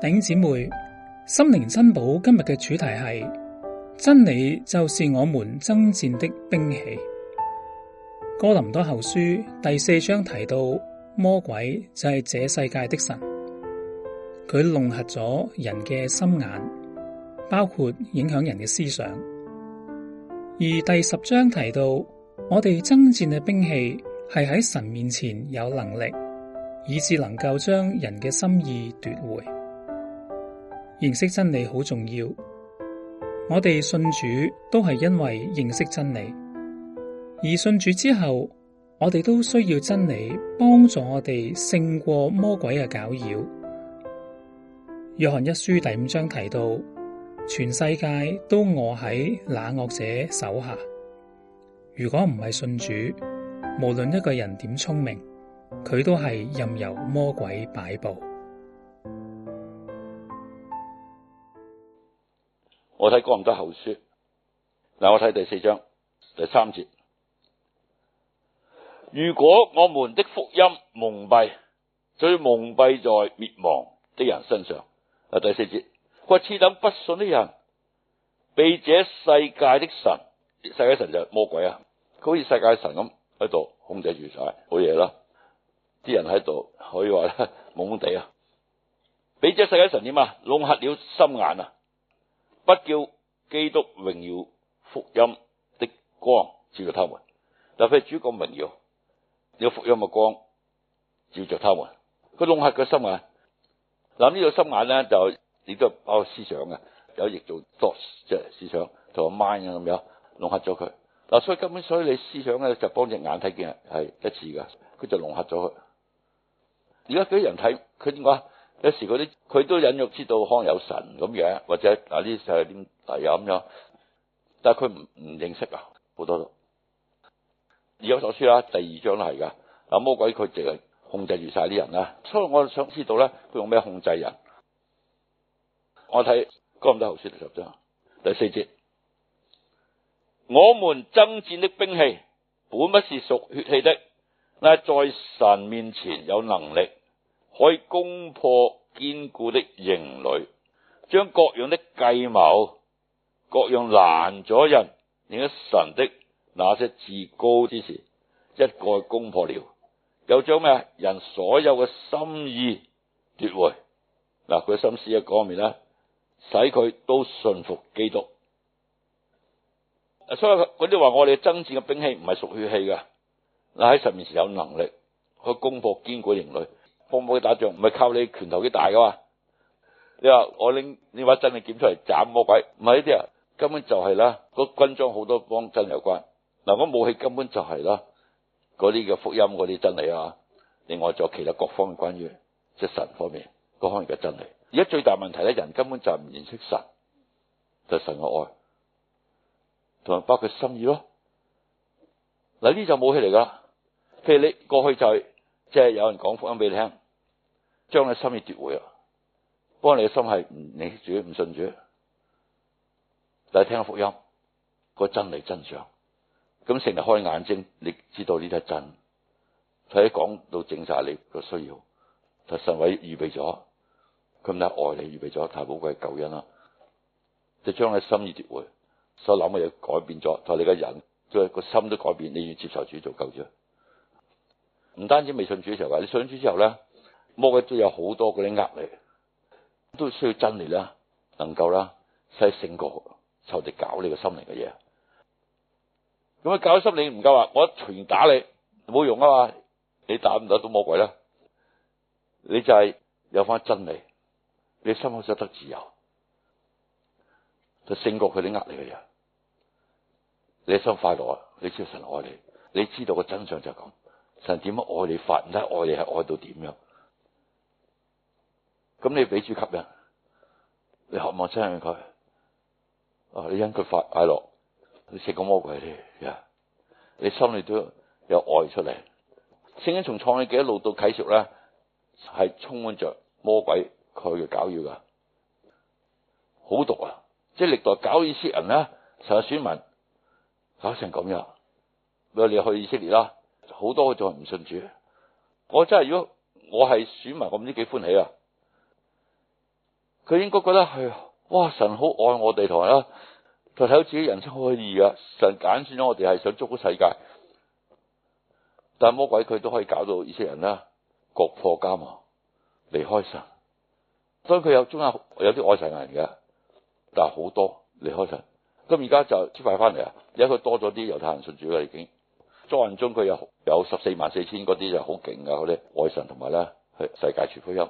弟兄姐妹心靈珍寶，今日嘅主題係真理，就是我們爭戰的兵器。哥林多後書第四章提到魔鬼就係這世界的神，佢弄瞎咗人嘅心眼，包括影響人嘅思想。而第十章提到我哋爭戰嘅兵器係喺神面前有能力，以致能夠將人嘅心意奪回。認識真理好重要，我哋信主都係因為認識真理，而信主之後，我哋都需要真理幫助我哋勝過魔鬼嘅攪擾。約翰一書第五章提到，全世界都臥喺那惡者手下。如果唔係信主，無論一個人點聰明，佢都係任由魔鬼擺佈。我睇《哥林多後書》，嗱我睇第四章第三節。如果我們的福音蒙蔽，就是蒙蔽在滅亡的人身上。啊，第四節，此等不信的人，被這世界的神，世界神就係魔鬼啊，好似世界神咁喺度控制住晒好嘢啦，啲人喺度可以話懵懵地啊，俾這世界神點啊，弄瞎了心眼啊！不叫基督榮耀福音的光照著他們，譬如主嘅榮耀，有福音嘅光照著他們。佢弄瞎個心眼，嗱呢個心眼咧就亦都包括思想嘅，有亦做 thought 即係思想同 mind 咁樣弄瞎咗佢。嗱所以根本所以你思想咧就幫隻眼睇見係一次噶，佢就弄瞎咗佢。而家嗰啲人睇佢點解？有時啲佢都隱約知道可能有神咁嘅，或者嗱，啲就係點嚟啊咁樣，但係佢唔唔認識啊，好多。都以弗所書啦，第二章都係噶，啊魔鬼佢就係控制住晒啲人啦，所以我想知道咧佢用咩控制人？我睇《哥林多後書》第十章第四節，我們爭戰的兵器本不是屬血氣的，乃是在神面前有能力。可以攻破堅固的營壘，將各樣的計謀、各樣攔阻人認識神的那些自高之事一概攻破了，又將咩人所有嘅心意奪回嗱？佢心思嘅嗰方面呢，使佢都信服基督。所以佢啲話，我哋嘅爭戰嘅兵器唔係屬血氣嘅，嗱喺神面前有能力去攻破堅固營壘。幫去打仗唔係靠你拳頭幾大噶嘛、啊？你話我拎你把真理嘅劍，出嚟，斬魔鬼，唔係呢啲啊，根本就係、是、啦。個軍裝好多幫真理有關嗱，那個武器根本就係、是、啦。嗰啲叫福音嗰啲真理啊，另外仲有其他各方嘅關於即係神方面各方面嘅真理。而家最大問題咧，人根本就唔認識神，就是、神嘅愛，同埋包括心意咯。嗱，呢就武器嚟噶。譬如你過去就係即係有人講福音俾你聽。將你心意奪回啊！不過你嘅心係唔你主唔信主，但係聽福音個真理真相，咁成日開眼睛，你知道呢啲係真。佢喺講到整晒你個需要，就神為預備咗，佢唔係愛你預備咗，太寶貴嘅救恩啦。就將你，你心意奪回，所諗嘅嘢改變咗，就係你嘅人即係個心都改變，你要接受主做救主。唔單止未信主嘅時候，你信主之後咧，魔鬼都有好多嗰啲呃你，都需要真理啦，能夠啦，使勝過就地搞你個心靈嘅嘢。咁啊，搞心靈唔夠啊，我一拳打你冇用啊嘛，你打唔打到魔鬼啦。你就係有翻真理，你心口始得自由，就勝過佢啲呃你嘅嘢。你心快樂，你知道神愛你，你知道個真相就係咁。神點樣愛你發，而家愛你係愛到點樣？咁你俾主吸引，你渴望親近佢哦，你因佢快快樂，你食個魔鬼咧，你，yeah. 你心裏都有有愛出嚟。聖經從創世記一路到啟示咧，係充滿着魔鬼佢嘅攪擾噶，好毒啊！即係歷代搞以色列人啦，成日選民搞成咁樣，你話，你去以色列啦，好多就係唔信主。我真係如果我係選民，我唔知幾歡喜啊！佢應該覺得係哇，神好愛我哋，同埋啊，就睇到自己人生可以啊。神揀選咗我哋係想祝福世界，但係魔鬼佢都可以搞到呢些人啦，國破家亡，離開神。所以佢有中間有啲愛神嘅人嘅，但係好多離開神。咁而家就出快翻嚟啊，而家佢多咗啲猶太人信主啦，已經莊中佢有有十四萬四千嗰啲就好勁噶，嗰啲愛神同埋呢世界全福音，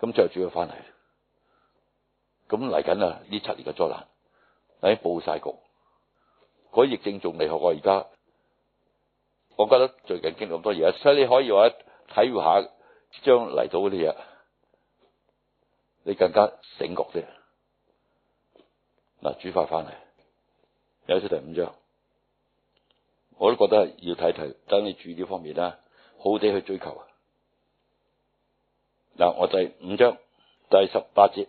咁著住佢翻嚟。咁嚟緊啊！呢七年嘅災難，已經報晒局。嗰疫症仲厲害過而家，我覺得最近經歷咁多嘢，所以你可以話體會下將嚟到嗰啲嘢，你更加醒覺啲。嗱，主法翻嚟，約壹第五章，我都覺得要睇睇，等你注意呢方面啦，好啲去追求。嗱，我第五章第十八節。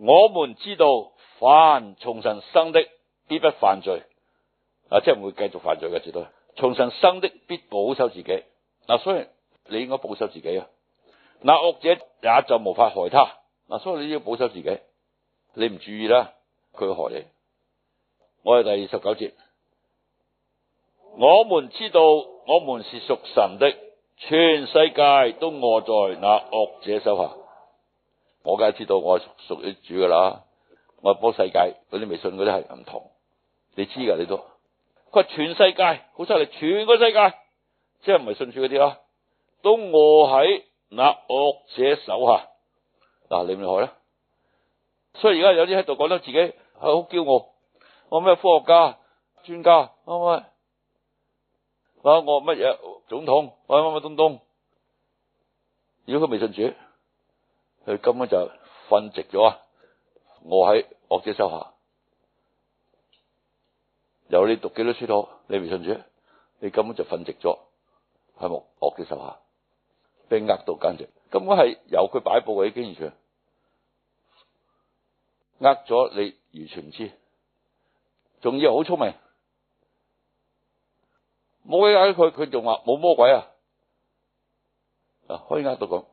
我們知道，凡從神生的，必不犯罪，啊，即係唔會繼續犯罪嘅，絕對。從神生的，必保守自己。嗱，所以你應該保守自己啊。嗱，惡者也就無法害他。嗱，所以你要保守自己。你唔注意啦，佢害你。我係第十九節。我們知道，我們是屬神的，全世界都臥在那惡者手下。我梗係知道我屬於，我係屬於主噶啦。我波世界嗰啲微信嗰啲係唔同，你知噶？你都佢話全世界，好犀利，全個世界，即係唔係信主嗰啲啊，都臥喺嗱惡者手下。嗱、啊，厲唔厲害咧？所以而家有啲喺度講得自己好驕、啊嗯、傲，我咩科學家、專家，哦啊、我咪啊我乜嘢總統，乜乜乜東東。如果佢未信主？佢根本就瞓直咗啊！我喺惡者手下，由你讀幾多書都好，你唔信住？你根本就瞓直咗，係喺惡者手下，被呃到簡直，根本係由佢擺布嘅，你完全呃咗，你完全唔知，仲要好聰明，冇嘢呃佢，佢仲話冇魔鬼啊，啊，可以呃到咁。